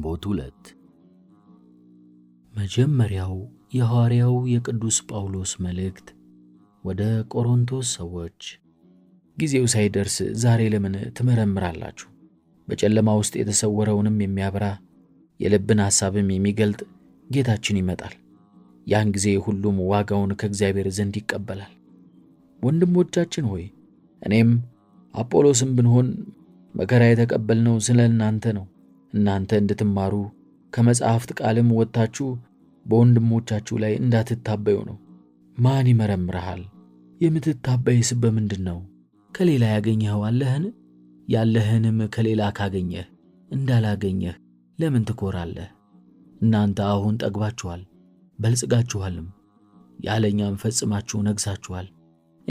ግንቦት ሁለት መጀመሪያው የሐዋርያው የቅዱስ ጳውሎስ መልእክት ወደ ቆሮንቶስ ሰዎች። ጊዜው ሳይደርስ ዛሬ ለምን ትመረምራላችሁ? በጨለማ ውስጥ የተሰወረውንም የሚያብራ የልብን ሐሳብም የሚገልጥ ጌታችን ይመጣል። ያን ጊዜ ሁሉም ዋጋውን ከእግዚአብሔር ዘንድ ይቀበላል። ወንድሞቻችን ሆይ እኔም አጶሎስም ብንሆን መከራ የተቀበልነው ስለ እናንተ ነው እናንተ እንድትማሩ ከመጽሐፍት ቃልም ወጥታችሁ በወንድሞቻችሁ ላይ እንዳትታበዩ ነው። ማን ይመረምርሃል? የምትታበይስ በምንድን ነው? ከሌላ ያገኘኸው አለህን? ያለህንም ከሌላ ካገኘህ እንዳላገኘህ ለምን ትኮራለህ? እናንተ አሁን ጠግባችኋል፣ በልጽጋችኋልም፣ ያለኛም ፈጽማችሁ ነግሳችኋል።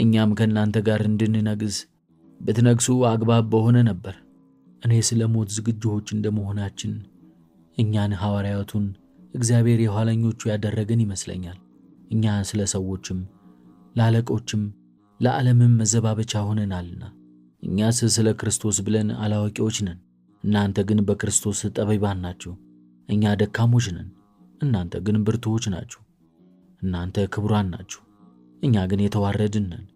እኛም ከእናንተ ጋር እንድንነግስ ብትነግሱ አግባብ በሆነ ነበር። እኔ ስለ ሞት ዝግጅዎች እንደመሆናችን እኛን ሐዋርያቱን እግዚአብሔር የኋለኞቹ ያደረገን ይመስለኛል። እኛ ስለ ሰዎችም ለአለቆችም ለዓለምም መዘባበቻ ሆነናልና። እኛስ ስለ ክርስቶስ ብለን አላዋቂዎች ነን፣ እናንተ ግን በክርስቶስ ጠቢባን ናችሁ። እኛ ደካሞች ነን፣ እናንተ ግን ብርቱዎች ናችሁ። እናንተ ክቡራን ናችሁ፣ እኛ ግን የተዋረድን ነን።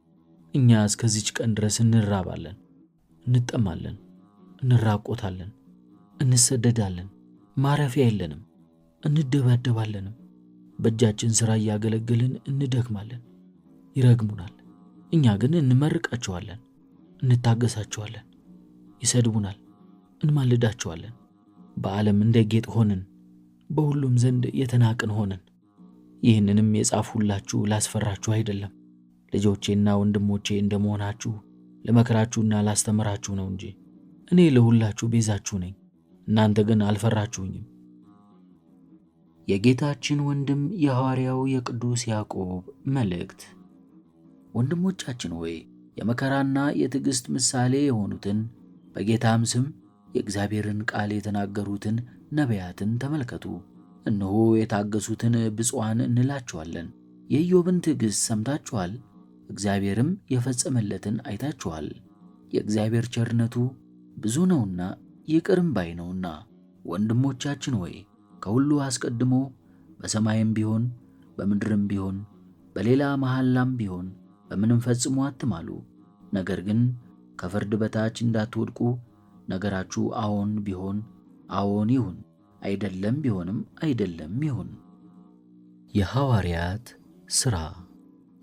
እኛ እስከዚች ቀን ድረስ እንራባለን፣ እንጠማለን እንራቆታለን፣ እንሰደዳለን፣ ማረፊያ የለንም፣ እንደባደባለንም፣ በእጃችን ሥራ እያገለገልን እንደክማለን፣ ይረግሙናል። እኛ ግን እንመርቃቸዋለን፣ እንታገሳቸዋለን። ይሰድቡናል፣ እንማልዳቸዋለን። በዓለም እንደ ጌጥ ሆንን፣ በሁሉም ዘንድ የተናቅን ሆንን። ይህንንም የጻፍሁላችሁ ላስፈራችሁ አይደለም፣ ልጆቼና ወንድሞቼ እንደመሆናችሁ ለመከራችሁና ላስተምራችሁ ነው እንጂ እኔ ለሁላችሁ ቤዛችሁ ነኝ፣ እናንተ ግን አልፈራችሁኝም። የጌታችን ወንድም የሐዋርያው የቅዱስ ያዕቆብ መልእክት። ወንድሞቻችን ሆይ የመከራና የትዕግሥት ምሳሌ የሆኑትን በጌታም ስም የእግዚአብሔርን ቃል የተናገሩትን ነቢያትን ተመልከቱ። እነሆ የታገሱትን ብፁዓን እንላቸዋለን። የኢዮብን ትዕግሥት ሰምታችኋል፣ እግዚአብሔርም የፈጸመለትን አይታችኋል። የእግዚአብሔር ቸርነቱ ብዙ ነውና ይቅርም ባይ ነውና ወንድሞቻችን ሆይ ከሁሉ አስቀድሞ በሰማይም ቢሆን በምድርም ቢሆን በሌላ መሐላም ቢሆን በምንም ፈጽሞ አትማሉ፣ ነገር ግን ከፍርድ በታች እንዳትወድቁ ነገራችሁ አዎን ቢሆን አዎን ይሁን፣ አይደለም ቢሆንም አይደለም ይሁን። የሐዋርያት ሥራ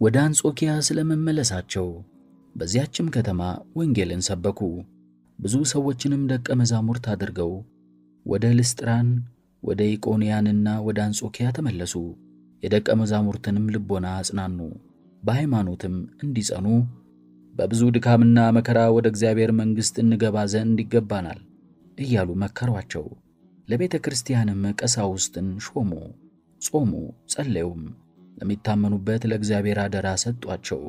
ወደ አንጾኪያ ስለመመለሳቸው በዚያችም ከተማ ወንጌልን ሰበኩ። ብዙ ሰዎችንም ደቀ መዛሙርት አድርገው ወደ ልስጥራን፣ ወደ ኢቆንያንና ወደ አንጾኪያ ተመለሱ። የደቀ መዛሙርትንም ልቦና አጽናኑ፣ በሃይማኖትም እንዲጸኑ በብዙ ድካምና መከራ ወደ እግዚአብሔር መንግሥት እንገባ ዘንድ ይገባናል እያሉ መከሯቸው። ለቤተ ክርስቲያንም ቀሳውስትን ሾሙ። ጾሙ፣ ጸለዩም፣ ለሚታመኑበት ለእግዚአብሔር አደራ ሰጧቸው።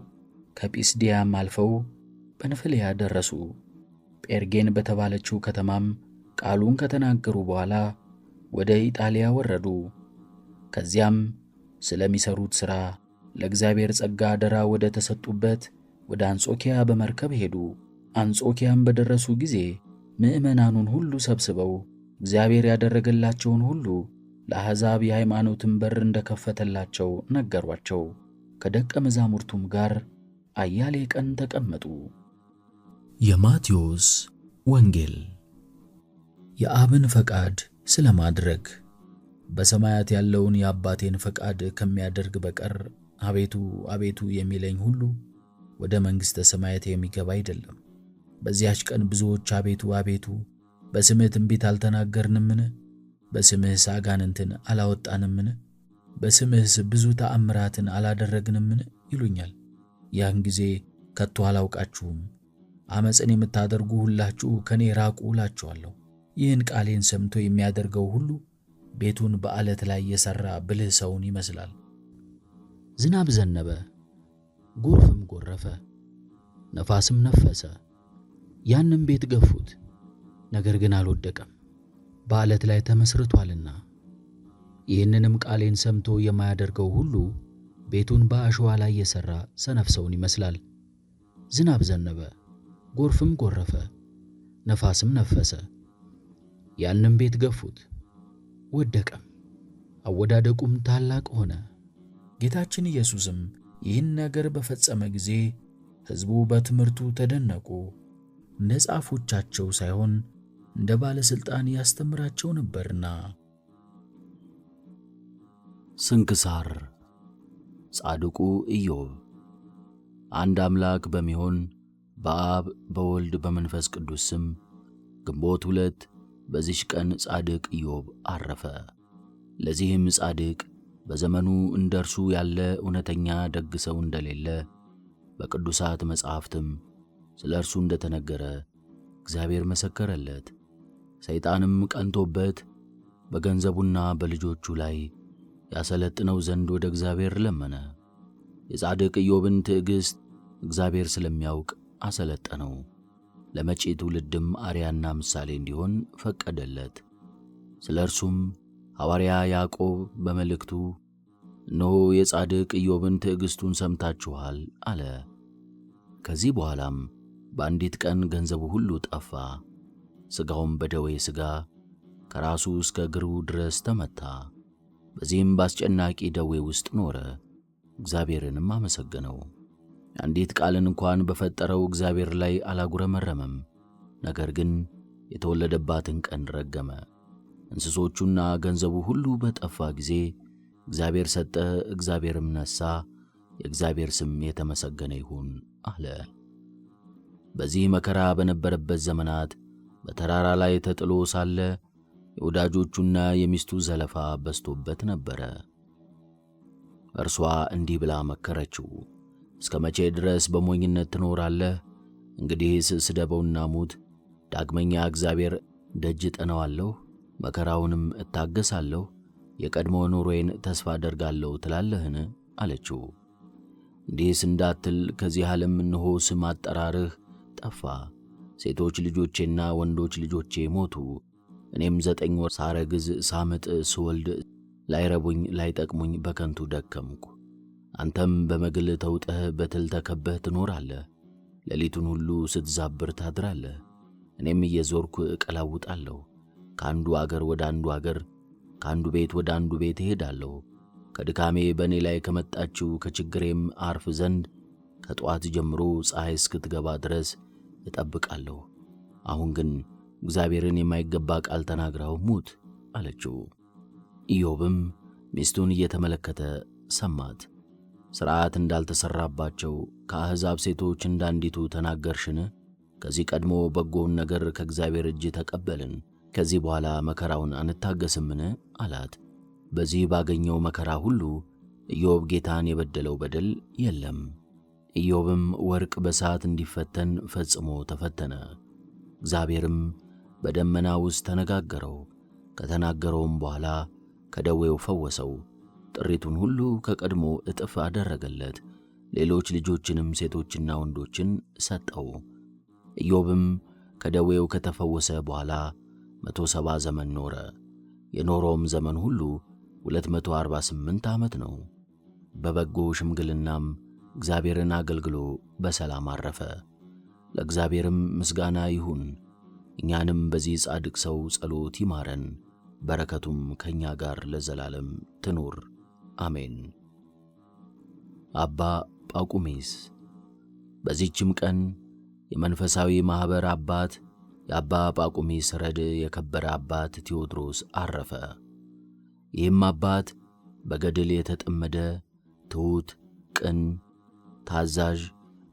ከጲስዲያም አልፈው በንፍልያ ደረሱ። ጴርጌን በተባለችው ከተማም ቃሉን ከተናገሩ በኋላ ወደ ኢጣሊያ ወረዱ። ከዚያም ስለሚሰሩት ሥራ ለእግዚአብሔር ጸጋ አደራ ወደ ተሰጡበት ወደ አንጾኪያ በመርከብ ሄዱ። አንጾኪያም በደረሱ ጊዜ ምዕመናኑን ሁሉ ሰብስበው እግዚአብሔር ያደረገላቸውን ሁሉ ለአሕዛብ የሃይማኖትን በር እንደከፈተላቸው ነገሯቸው። ከደቀ መዛሙርቱም ጋር አያሌ ቀን ተቀመጡ። የማቴዎስ ወንጌል የአብን ፈቃድ ስለማድረግ በሰማያት ያለውን የአባቴን ፈቃድ ከሚያደርግ በቀር አቤቱ አቤቱ የሚለኝ ሁሉ ወደ መንግሥተ ሰማያት የሚገባ አይደለም። በዚያች ቀን ብዙዎች አቤቱ አቤቱ በስምህ ትንቢት አልተናገርንምን? በስምህስ አጋንንትን አላወጣንምን? በስምህስ ብዙ ተአምራትን አላደረግንምን? ይሉኛል። ያን ጊዜ ከቶ አላውቃችሁም ዓመፅን የምታደርጉ ሁላችሁ ከኔ ራቁ እላችኋለሁ። ይህን ቃሌን ሰምቶ የሚያደርገው ሁሉ ቤቱን በዓለት ላይ የሠራ ብልህ ሰውን ይመስላል። ዝናብ ዘነበ፣ ጎርፍም ጎረፈ፣ ነፋስም ነፈሰ፣ ያንም ቤት ገፉት፣ ነገር ግን አልወደቀም፣ በዓለት ላይ ተመስርቷልና። ይህንንም ቃሌን ሰምቶ የማያደርገው ሁሉ ቤቱን በአሸዋ ላይ የሠራ ሰነፍ ሰውን ይመስላል። ዝናብ ዘነበ ጎርፍም ጎረፈ፣ ነፋስም ነፈሰ። ያንም ቤት ገፉት፣ ወደቀም፣ አወዳደቁም ታላቅ ሆነ። ጌታችን ኢየሱስም ይህን ነገር በፈጸመ ጊዜ ሕዝቡ በትምህርቱ ተደነቁ። እንደ ጻፎቻቸው ሳይሆን እንደ ባለሥልጣን ያስተምራቸው ነበርና። ስንክሳር ጻድቁ ኢዮብ አንድ አምላክ በሚሆን በአብ በወልድ በመንፈስ ቅዱስ ስም ግንቦት ሁለት በዚሽ ቀን ጻድቅ ኢዮብ አረፈ። ለዚህም ጻድቅ በዘመኑ እንደ እርሱ ያለ እውነተኛ ደግ ሰው እንደሌለ በቅዱሳት መጻሕፍትም ስለ እርሱ እንደተነገረ እግዚአብሔር መሰከረለት። ሰይጣንም ቀንቶበት በገንዘቡና በልጆቹ ላይ ያሰለጥነው ዘንድ ወደ እግዚአብሔር ለመነ። የጻድቅ ኢዮብን ትዕግሥት እግዚአብሔር ስለሚያውቅ አሰለጠነው። ለመጪ ትውልድም አርያና ምሳሌ እንዲሆን ፈቀደለት። ስለ እርሱም ሐዋርያ ያዕቆብ በመልእክቱ እነሆ የጻድቅ ኢዮብን ትዕግሥቱን ሰምታችኋል አለ። ከዚህ በኋላም በአንዲት ቀን ገንዘቡ ሁሉ ጠፋ። ሥጋውም በደዌ ሥጋ ከራሱ እስከ እግሩ ድረስ ተመታ። በዚህም በአስጨናቂ ደዌ ውስጥ ኖረ። እግዚአብሔርንም አመሰገነው። አንዲት ቃልን እንኳን በፈጠረው እግዚአብሔር ላይ አላጉረመረመም። ነገር ግን የተወለደባትን ቀን ረገመ። እንስሶቹና ገንዘቡ ሁሉ በጠፋ ጊዜ እግዚአብሔር ሰጠ፣ እግዚአብሔርም ነሣ፣ የእግዚአብሔር ስም የተመሰገነ ይሁን አለ። በዚህ መከራ በነበረበት ዘመናት በተራራ ላይ ተጥሎ ሳለ የወዳጆቹና የሚስቱ ዘለፋ በዝቶበት ነበረ። እርሷ እንዲህ ብላ መከረችው። እስከ መቼ ድረስ በሞኝነት ትኖራለህ? እንግዲህስ ስደበውና ሙት። ዳግመኛ እግዚአብሔር ደጅ ጠነዋለሁ፣ መከራውንም እታገሳለሁ፣ የቀድሞ ኑሮዬን ተስፋ አደርጋለሁ ትላለህን? አለችው። እንዲህስ እንዳትል ከዚህ ዓለም እንሆ ስም አጠራርህ ጠፋ። ሴቶች ልጆቼና ወንዶች ልጆቼ ሞቱ። እኔም ዘጠኝ ወር ሳረግዝ፣ ሳምጥ፣ ስወልድ ላይረቡኝ ላይጠቅሙኝ በከንቱ ደከምኩ። አንተም በመግል ተውጠህ በትል ተከበህ ትኖራለህ። ሌሊቱን ሁሉ ስትዛብር ታድራለህ። እኔም እየዞርኩ እቀላውጣለሁ። ከአንዱ አገር ወደ አንዱ አገር፣ ከአንዱ ቤት ወደ አንዱ ቤት እሄዳለሁ። ከድካሜ በእኔ ላይ ከመጣችው ከችግሬም አርፍ ዘንድ ከጠዋት ጀምሮ ፀሐይ እስክትገባ ድረስ እጠብቃለሁ። አሁን ግን እግዚአብሔርን የማይገባ ቃል ተናግረው ሙት አለችው። ኢዮብም ሚስቱን እየተመለከተ ሰማት። ሥርዓት እንዳልተሠራባቸው ከአሕዛብ ሴቶች እንዳንዲቱ ተናገርሽን? ከዚህ ቀድሞ በጎውን ነገር ከእግዚአብሔር እጅ ተቀበልን፣ ከዚህ በኋላ መከራውን አንታገስምን? አላት። በዚህ ባገኘው መከራ ሁሉ ኢዮብ ጌታን የበደለው በደል የለም። ኢዮብም ወርቅ በእሳት እንዲፈተን ፈጽሞ ተፈተነ። እግዚአብሔርም በደመና ውስጥ ተነጋገረው፣ ከተናገረውም በኋላ ከደዌው ፈወሰው። ጥሪቱን ሁሉ ከቀድሞ እጥፍ አደረገለት። ሌሎች ልጆችንም ሴቶችና ወንዶችን ሰጠው። ኢዮብም ከደዌው ከተፈወሰ በኋላ መቶ ሰባ ዘመን ኖረ። የኖረውም ዘመን ሁሉ 248 ዓመት ነው። በበጎ ሽምግልናም እግዚአብሔርን አገልግሎ በሰላም አረፈ። ለእግዚአብሔርም ምስጋና ይሁን። እኛንም በዚህ ጻድቅ ሰው ጸሎት ይማረን። በረከቱም ከእኛ ጋር ለዘላለም ትኑር። አሜን። አባ ጳቁሚስ በዚህችም ቀን የመንፈሳዊ ማኅበር አባት የአባ ጳቁሚስ ረድ የከበረ አባት ቴዎድሮስ አረፈ። ይህም አባት በገድል የተጠመደ ትሑት፣ ቅን፣ ታዛዥ፣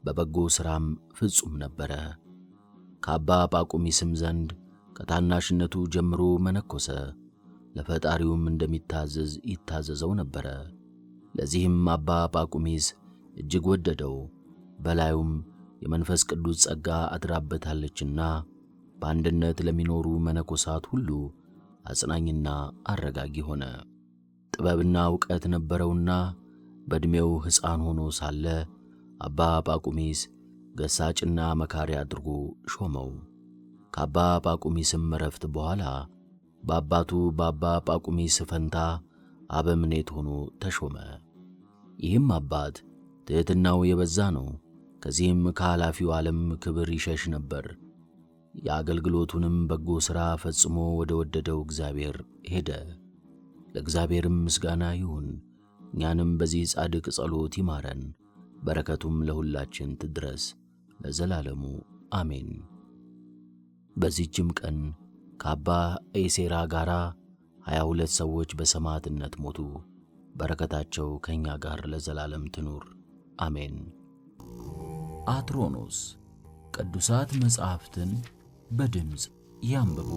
በበጎ ሥራም ፍጹም ነበረ። ከአባ ጳቁሚስም ዘንድ ከታናሽነቱ ጀምሮ መነኮሰ። ለፈጣሪውም እንደሚታዘዝ ይታዘዘው ነበረ። ለዚህም አባ ጳቁሚስ እጅግ ወደደው። በላዩም የመንፈስ ቅዱስ ጸጋ አድራበታለችና በአንድነት ለሚኖሩ መነኮሳት ሁሉ አጽናኝና አረጋጊ ሆነ። ጥበብና ዕውቀት ነበረውና በዕድሜው ሕፃን ሆኖ ሳለ አባ ጳቁሚስ ገሳጭና መካሪ አድርጎ ሾመው። ከአባ ጳቁሚስም እረፍት በኋላ በአባቱ በአባ ጳቁሚስ ፈንታ አበምኔት ሆኖ ተሾመ። ይህም አባት ትሕትናው የበዛ ነው። ከዚህም ከኃላፊው ዓለም ክብር ይሸሽ ነበር። የአገልግሎቱንም በጎ ሥራ ፈጽሞ ወደ ወደደው እግዚአብሔር ሄደ። ለእግዚአብሔርም ምስጋና ይሁን፣ እኛንም በዚህ ጻድቅ ጸሎት ይማረን፣ በረከቱም ለሁላችን ትድረስ ለዘላለሙ አሜን። በዚህችም ቀን ከአባ ኤሴራ ጋር ሀያ ሁለት ሰዎች በሰማዕትነት ሞቱ። በረከታቸው ከእኛ ጋር ለዘላለም ትኑር አሜን። አትሮኖስ ቅዱሳት መጻሕፍትን በድምፅ ያንብቡ።